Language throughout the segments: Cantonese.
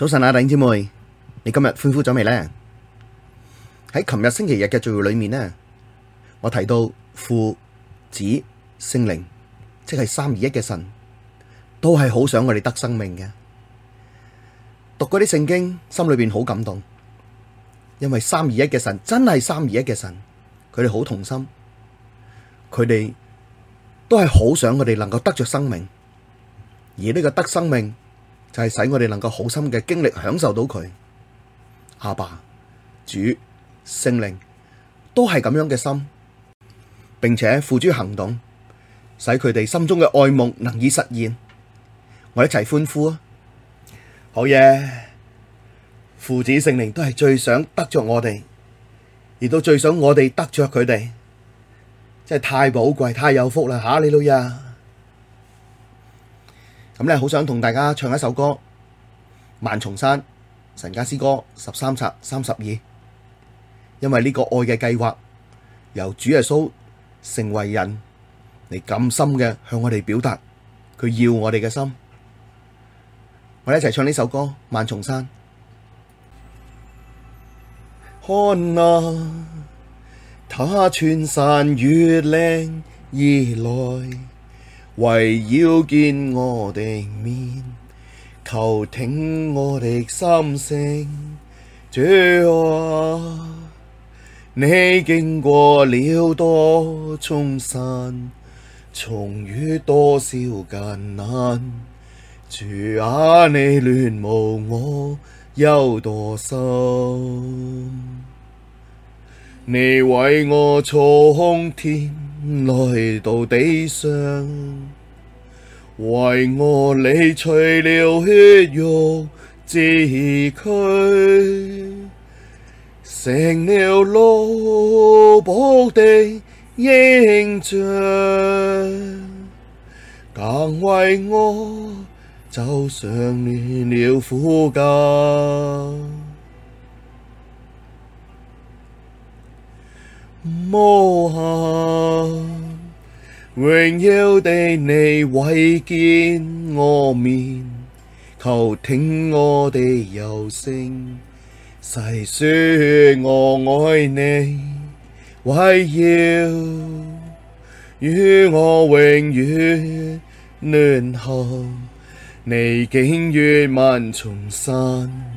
早晨啊，弟兄姊妹，你今日歡呼咗未呢？喺琴日星期日嘅聚會裏面呢，我提到父、子、聖靈，即係三二一嘅神，都係好想我哋得生命嘅。讀嗰啲聖經，心裏面好感動，因為三二一嘅神真係三二一嘅神，佢哋好同心，佢哋都係好想我哋能夠得着生命，而呢個得生命。就係使我哋能夠好心嘅經歷享受到佢，阿爸、主、聖靈都係咁樣嘅心，並且付諸行動，使佢哋心中嘅愛夢能以實現。我一齊歡呼啊！好嘢，父子聖靈都係最想得着我哋，亦都最想我哋得着佢哋，真係太寶貴、太有福啦！哈利路亞～咁咧，好想同大家唱一首歌《萬重山》，神家詩歌十三冊三十二，因為呢個愛嘅計劃由主耶穌成為人嚟咁深嘅向我哋表達，佢要我哋嘅心，我哋一齊唱呢首歌《萬重山》。看啊，祂躥山越嶺而來。為要見我哋面，求聽我哋心聲。主啊！你經過了多少重山，衝越多少艱難。主啊！你戀慕我有多深？你為我從天。來到地上，為我祢取了血肉之軀，成了奴僕的形像，更為我走上了苦架。無限榮耀地，你為見我面，求聽我地柔聲細說，我愛你，為要與我永遠聯合，你經越萬重山。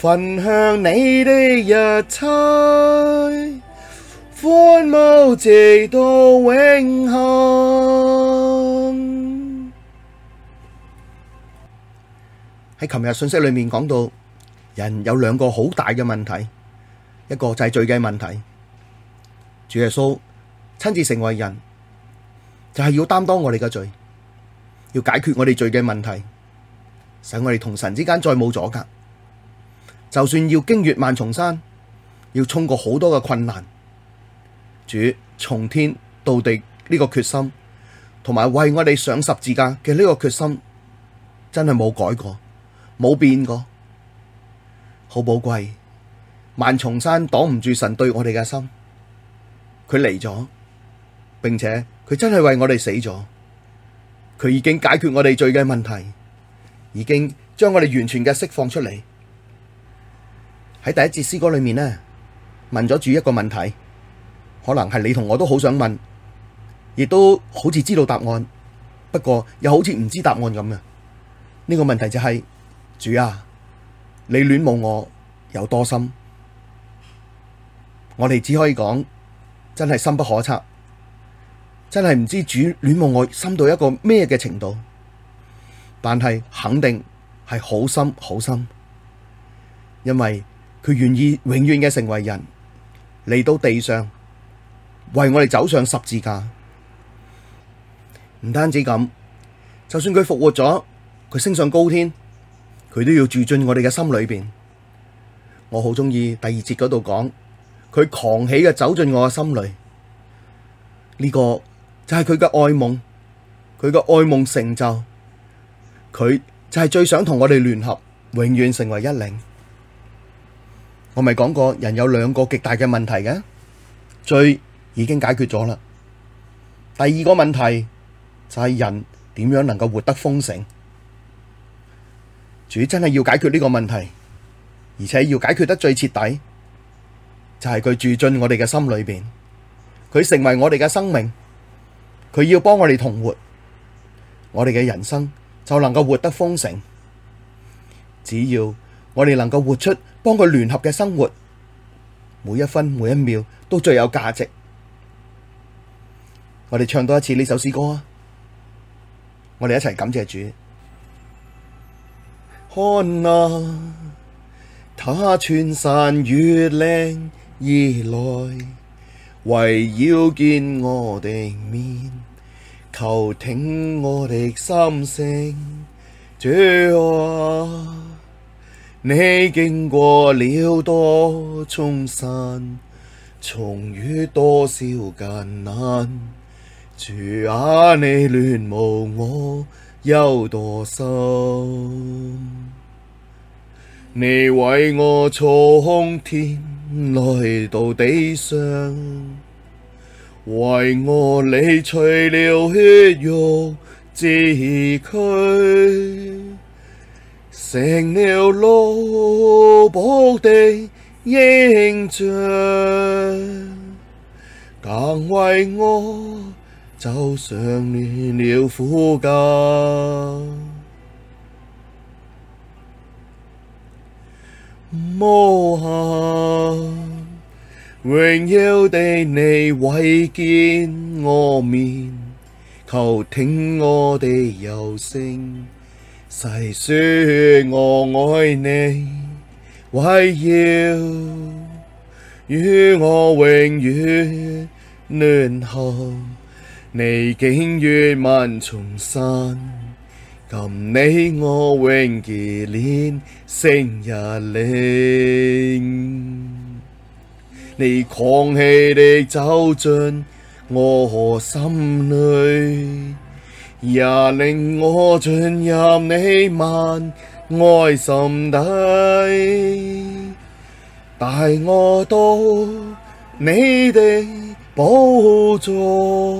分享你的一切，歡舞直到永恒。喺琴日信息裏面講到，人有兩個好大嘅問題，一個就係罪嘅問題。主耶穌親自成為人，就係要擔當我哋嘅罪，要解決我哋罪嘅問題，使我哋同神之間再冇阻隔。就算要經越萬重山，要衝過好多嘅困難，主從天到地呢個決心，同埋為我哋上十字架嘅呢個決心，真係冇改過，冇變過，好寶貴。萬重山擋唔住神對我哋嘅心，佢嚟咗，並且佢真係為我哋死咗，佢已經解決我哋罪嘅問題，已經將我哋完全嘅釋放出嚟。喺第一節詩歌裏面呢，問咗主一個問題，可能係你同我都好想問，亦都好似知道答案，不過又好似唔知答案咁嘅。呢個問題就係，主啊，你戀慕我有多深？我哋只可以講，真係深不可測，真係唔知主戀慕我深到一個咩嘅程度，但係肯定係好深好深，因為佢願意永遠嘅成為人，嚟到地上為我哋走上十字架。唔單止咁，就算佢復活咗，佢升上高天，佢都要住進我哋嘅心裏邊。我好鍾意第二節嗰度講，佢狂喜嘅走進我嘅心裏，呢個就係佢嘅愛夢，佢嘅愛夢成就，佢就係最想同我哋聯合，永遠成為一靈。我咪講過，人有兩個極大嘅問題嘅，罪已經解決咗啦。第二個問題就係人點樣能夠活得豐盛？主真係要解決呢個問題，而且要解決得最徹底，就係佢住進我哋嘅心裡邊，佢成為我哋嘅生命，佢要幫我哋同活，我哋嘅人生就能夠活得豐盛。只要我哋能夠活出幫佢聯合嘅生活，每一分每一秒都最有價值。我哋唱多一次呢首詩歌啊！我哋一齊感謝主。看啊，他穿山越嶺而來，圍繞見我哋面，求聽我哋心聲，主啊！你經過了多重山，衝越多少艱難，主啊，你戀慕我有多深？你為我從天來到地上，為我你取了血肉之軀。成了奴僕的形像，更為我走上了苦架，無限榮耀的你為見我面，求聽我的柔聲。細說我愛你，為要與我永遠聯合，你經越萬重山，今你我永結連。成一靈，你狂喜地走進我心裡。也令我進入你萬愛心底，帶我到你的寶座，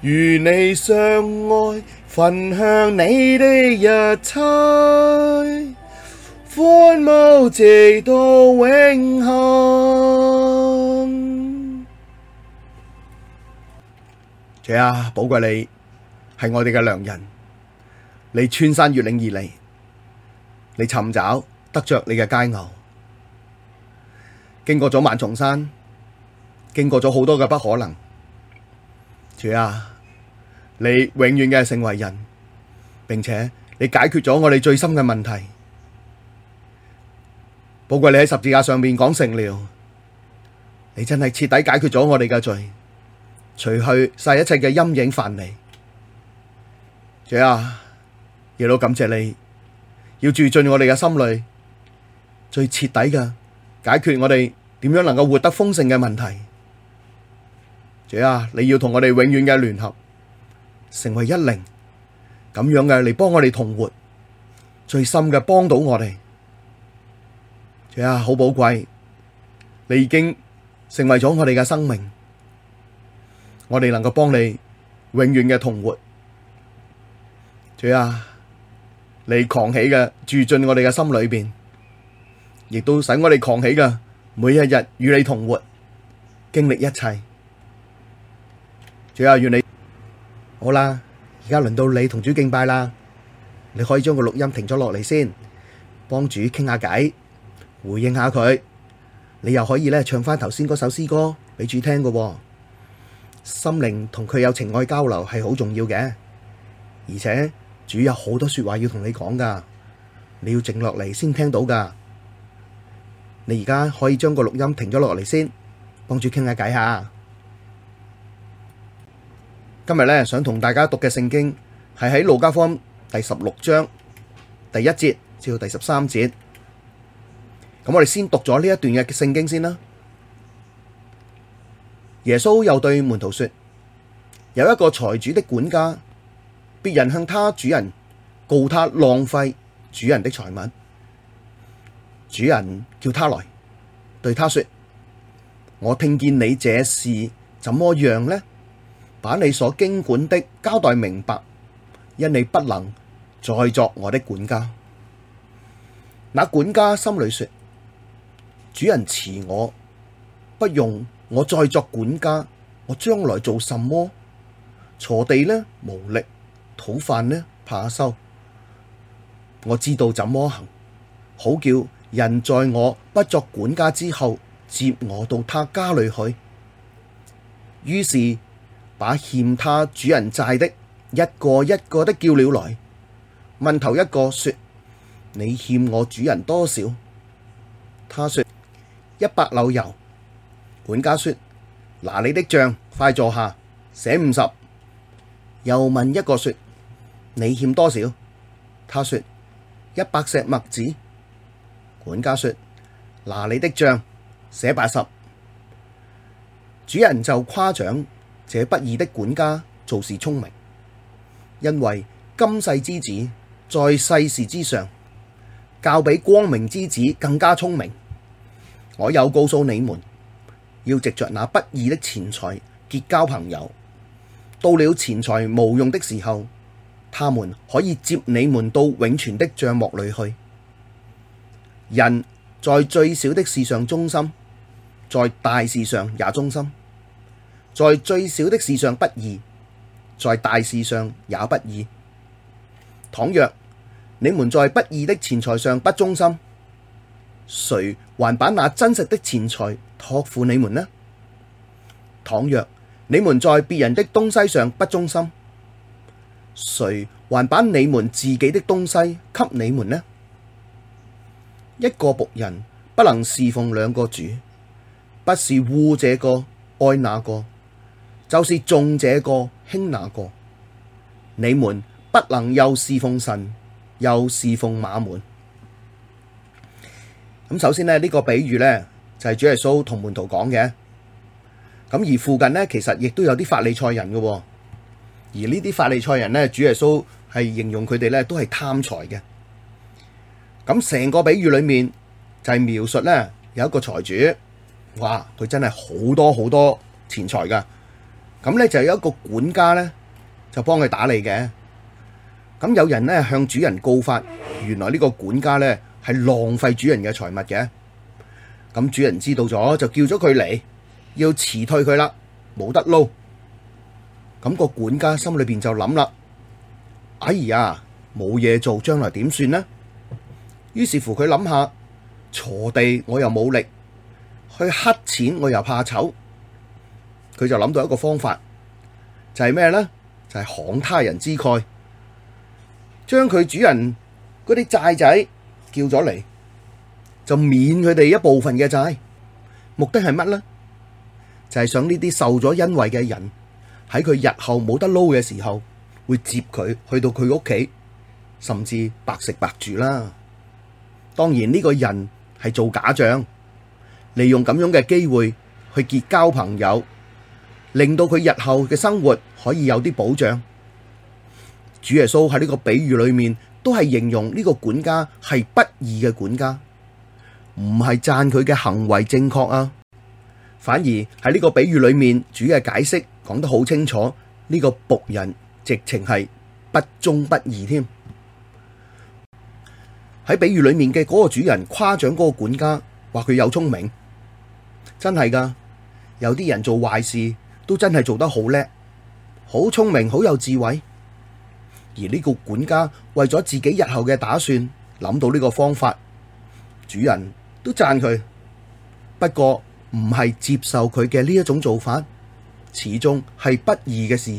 與你相愛，分享你的一切，歡舞直到永恆。係啊，寶貴你係我哋嘅良人，你穿山越嶺而嚟，你尋找得着你嘅佳偶，經過咗萬重山，經過咗好多嘅不可能，主啊，你永遠嘅成為人，並且你解決咗我哋最深嘅問題，寶貴你喺十字架上面講成了，你真係徹底解決咗我哋嘅罪。除去晒一切嘅陰影、範圍，主啊，亦都感謝你，要住進我哋嘅心裏，最徹底嘅解決我哋點樣能夠活得豐盛嘅問題。主啊，你要同我哋永遠嘅聯合，成為一靈，咁樣嘅嚟幫我哋同活最深嘅幫到我哋。主啊，好寶貴，你已經成為咗我哋嘅生命。我哋能夠幫你永遠嘅同活，主啊，你狂喜嘅住進我哋嘅心裏面，亦都使我哋狂喜嘅每一日與你同活，經歷一切。主啊，願你好啦，而家輪到你同主敬拜啦，你可以將個錄音停咗落嚟先，幫主傾下偈，回應下佢，你又可以咧唱翻頭先嗰首詩歌俾主聽㗎。心靈同佢有情愛交流係好重要嘅，而且主有好多說話要同你講噶，你要靜落嚟先聽到噶。你而家可以將個錄音停咗落嚟先，幫主傾下偈下。今日咧想同大家讀嘅聖經係喺路加福音第十六章第一節至到第十三節，咁我哋先讀咗呢一段嘅聖經先啦。耶穌又對門徒說：有一個財主的管家，別人向他主人告他浪費主人的財物，主人叫他來，對他說：我聽見你這事怎麼樣呢？把你所經管的交代明白，因你不能再作我的管家。那管家心裡說：主人辭我，不用。我再作管家，我將來做什麼？鋤地呢無力，討飯呢怕羞。我知道怎麼行，好叫人在我不作管家之後接我到他家裏去。於是把欠他主人債的一個一個的叫了來，問頭一個說：你欠我主人多少？他說：一百簍油。管家說：拿你的賬快坐下，寫五十。又問一個說：你欠多少？他說：一百石麥子。管家說：拿你的賬，寫八十。主人就誇獎這不義的管家做事聰明，因為今世之子在世事之上，較比光明之子更加聰明。我又告訴你們。要藉着那不義的錢財結交朋友，到了錢財無用的時候，他們可以接你們到永存的帳幕裏去。人在最小的事上忠心，在大事上也忠心；在最小的事上不義，在大事上也不義。倘若你們在不義的錢財上不忠心，誰還把那真實的錢財託付你們呢？倘若你們在別人的東西上不忠心，誰還把你們自己的東西給你們呢？一個僕人不能侍奉兩個主，不是惡這個愛那個，就是重這個輕那個。你們不能又侍奉神又侍奉瑪門。咁首先呢，呢個比喻呢。就係主耶穌同門徒講嘅，咁而附近呢，其實亦都有啲法利賽人嘅，而呢啲法利賽人呢，主耶穌係形容佢哋呢都係貪財嘅。咁、嗯、成個比喻裏面就係、是、描述呢，有一個財主，哇，佢真係好多好多錢財噶，咁、嗯、呢，就有一個管家呢，就幫佢打理嘅，咁、嗯、有人呢，向主人告發，原來呢個管家呢係浪費主人嘅財物嘅。咁主人知道咗就叫咗佢嚟，要辭退佢啦，冇得撈。咁個管家心裏邊就諗啦：哎呀，冇嘢做，將來點算呢？於是乎佢諗下，鋤地我又冇力，去乞錢我又怕醜，佢就諗到一個方法，就係咩呢？就係慷他人之慨，將佢主人嗰啲債仔叫咗嚟。就免佢哋一部分嘅債，目的係乜呢？就係想呢啲受咗恩惠嘅人喺佢日後冇得撈嘅時候，會接佢去到佢屋企，甚至白食白住啦。當然呢個人係做假象，利用咁樣嘅機會去結交朋友，令到佢日後嘅生活可以有啲保障。主耶穌喺呢個比喻裏面，都係形容呢個管家係不義嘅管家。唔係贊佢嘅行為正確啊，反而喺呢個比喻裏面，主嘅解釋講得好清楚。呢個僕人直情係不忠不義添。喺比喻裏面嘅嗰個主人誇獎嗰個管家，話佢有聰明，真係噶。有啲人做壞事都真係做得好叻，好聰明，好有智慧。而呢個管家為咗自己日後嘅打算，諗到呢個方法，主人，都讚佢，不過唔係接受佢嘅呢一種做法，始終係不義嘅事。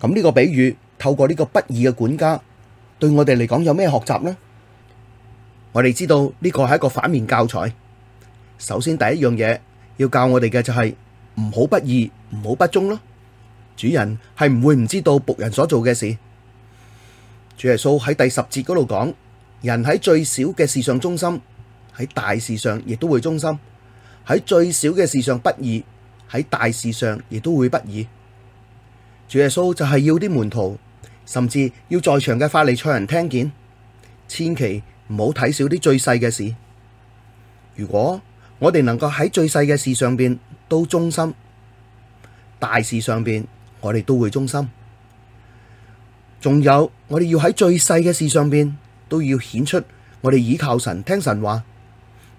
咁、這、呢個比喻透過呢個不義嘅管家，對我哋嚟講有咩學習呢？我哋知道呢個係一個反面教材。首先第一樣嘢要教我哋嘅就係唔好不義，唔好不忠咯。主人係唔會唔知道僕人所做嘅事。主耶穌喺第十節嗰度講：人喺最小嘅事上忠心，喺大事上亦都會忠心，喺最小嘅事上不義，喺大事上亦都會不義。主耶穌就係要啲門徒，甚至要在場嘅法利賽人聽見，千祈唔好睇少啲最細嘅事。如果我哋能夠喺最細嘅事上邊都忠心，大事上邊我哋都會忠心。仲有我哋要喺最細嘅事上邊都要顯出我哋倚靠神聽神話。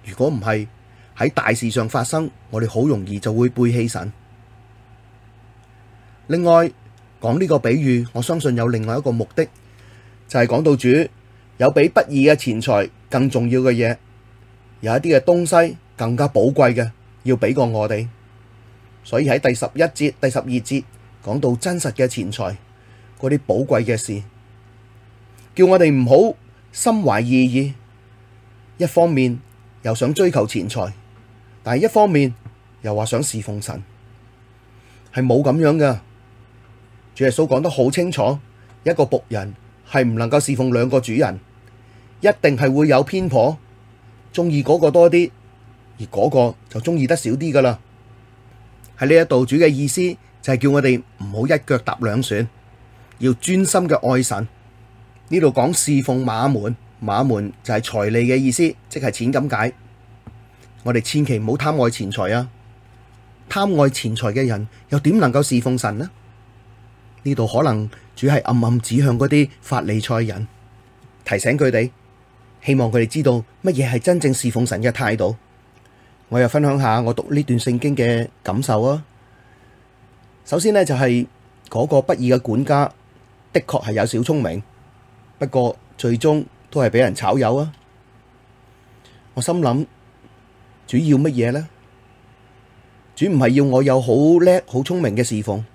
如果唔係喺大事上發生，我哋好容易就會背棄神。另外，講呢個比喻，我相信有另外一個目的，就係、是、講到主有比不義嘅錢財更重要嘅嘢，有一啲嘅東西更加寶貴嘅，要俾過我哋。所以喺第十一節、第十二節講到真實嘅錢財，嗰啲寶貴嘅事，叫我哋唔好心懷異意。一方面。又想追求錢財，但係一方面又話想侍奉神，係冇咁樣嘅。主耶穌講得好清楚，一個僕人係唔能夠侍奉兩個主人，一定係會有偏頗，中意嗰個多啲，而嗰個就中意得少啲噶啦。係呢一度主嘅意思，就係叫我哋唔好一腳踏兩船，要專心嘅愛神。呢度講侍奉馬門。馬門就係財利嘅意思，即係錢咁解。我哋千祈唔好貪愛錢財啊！貪愛錢財嘅人又點能夠侍奉神呢？呢度可能主要係暗暗指向嗰啲法利賽人，提醒佢哋，希望佢哋知道乜嘢係真正侍奉神嘅態度。我又分享下我讀呢段聖經嘅感受啊！首先呢，就係嗰個不義嘅管家的確係有小聰明，不過最終。都係俾人炒魷啊！我心諗，主要乜嘢呢？主唔係要我有好叻、好聰明嘅侍奉，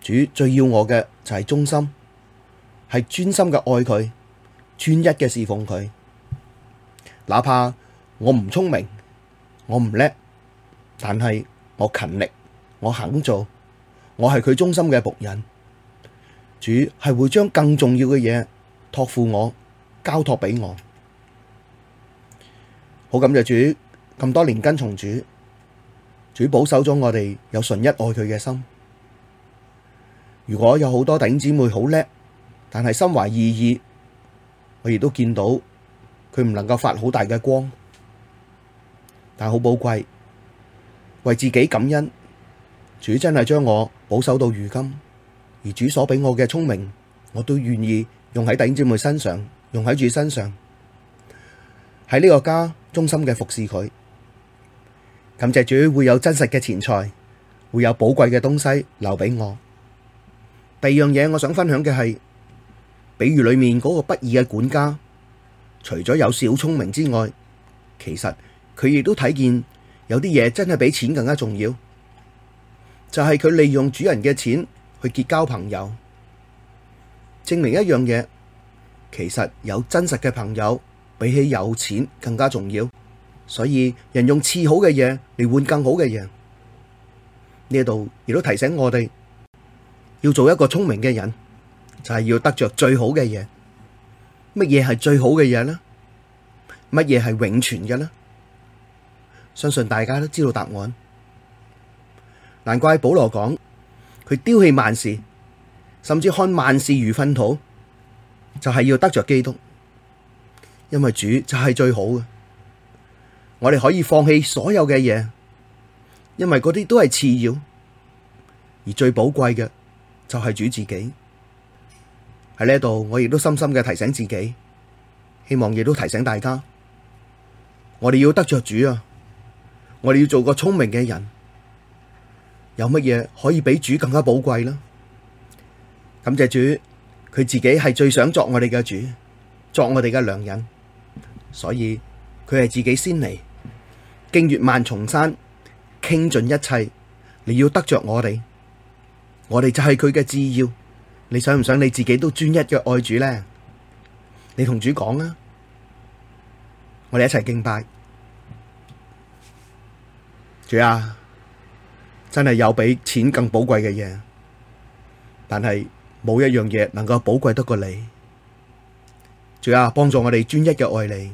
主最要我嘅就係忠心，係專心嘅愛佢，專一嘅侍奉佢。哪怕我唔聰明，我唔叻，但係我勤力，我肯做，我係佢忠心嘅僕人。主係會將更重要嘅嘢託付我，交託俾我，好感謝主，咁多年跟從主，主保守咗我哋有純一愛佢嘅心。如果有好多弟兄姊妹好叻，但係心懷二意，我亦都見到佢唔能夠發好大嘅光，但好寶貴，為自己感恩。主真係將我保守到如今，而主所俾我嘅聰明，我都願意用喺弟兄姊妹身上。用喺主身上，喺呢個家忠心嘅服侍佢，感謝主會有真實嘅錢財，會有寶貴嘅東西留俾我。第二樣嘢我想分享嘅係，比如裏面嗰個不義嘅管家，除咗有小聰明之外，其實佢亦都睇見有啲嘢真係比錢更加重要，就係、是、佢利用主人嘅錢去結交朋友，證明一樣嘢。其實有真實嘅朋友，比起有錢更加重要。所以人用次好嘅嘢嚟換更好嘅嘢，呢度亦都提醒我哋要做一個聰明嘅人，就係、是、要得着最好嘅嘢。乜嘢係最好嘅嘢呢？乜嘢係永存嘅呢？相信大家都知道答案。難怪保羅講，佢丟棄萬事，甚至看萬事如糞土。就係要得着基督，因為主就係最好嘅。我哋可以放棄所有嘅嘢，因為嗰啲都係次要，而最寶貴嘅就係主自己。喺呢度，我亦都深深嘅提醒自己，希望亦都提醒大家，我哋要得着主啊！我哋要做個聰明嘅人，有乜嘢可以比主更加寶貴啦？感謝主。佢自己係最想作我哋嘅主，作我哋嘅良人，所以佢係自己先嚟，經越萬重山，傾盡一切你要得着我哋，我哋就係佢嘅摯要。你想唔想你自己都專一嘅愛主呢？你同主講啊，我哋一齊敬拜。主啊，真係有比錢更寶貴嘅嘢，但係。冇一樣嘢能夠寶貴得過你，主啊，幫助我哋專一嘅愛你，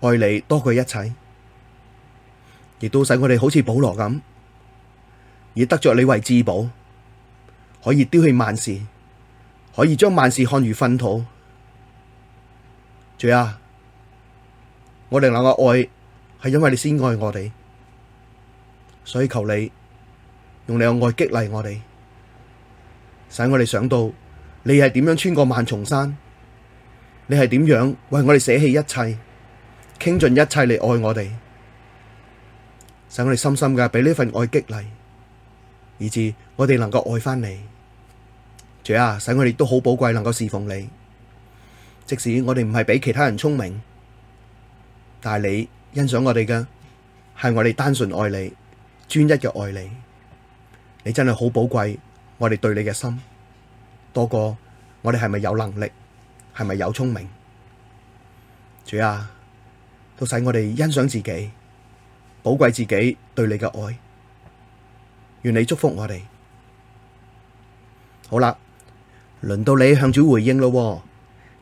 愛你多過一切，亦都使我哋好似保羅咁，以得着你為至寶，可以丟棄萬事，可以將萬事看如糞土，主啊，我哋能夠愛，係因為你先愛我哋，所以求你用你嘅愛激勵我哋。使我哋想到，你係點樣穿過萬重山？你係點樣為我哋捨棄一切、傾盡一切嚟愛我哋？使我哋深深嘅俾呢份愛激勵，以至我哋能夠愛返你，主啊！使我哋都好寶貴，能夠侍奉你。即使我哋唔係比其他人聰明，但係你欣賞我哋嘅係我哋單純愛你、專一嘅愛你。你真係好寶貴。我哋對你嘅心多過我哋係咪有能力，係咪有聰明？主啊，都使我哋欣賞自己，寶貴自己對你嘅愛。願你祝福我哋。好啦，輪到你向主回應咯。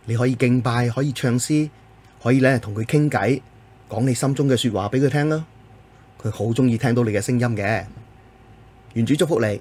你可以敬拜，可以唱詩，可以咧同佢傾偈，講你心中嘅說話畀佢聽啦。佢好鍾意聽到你嘅聲音嘅。願主祝福你。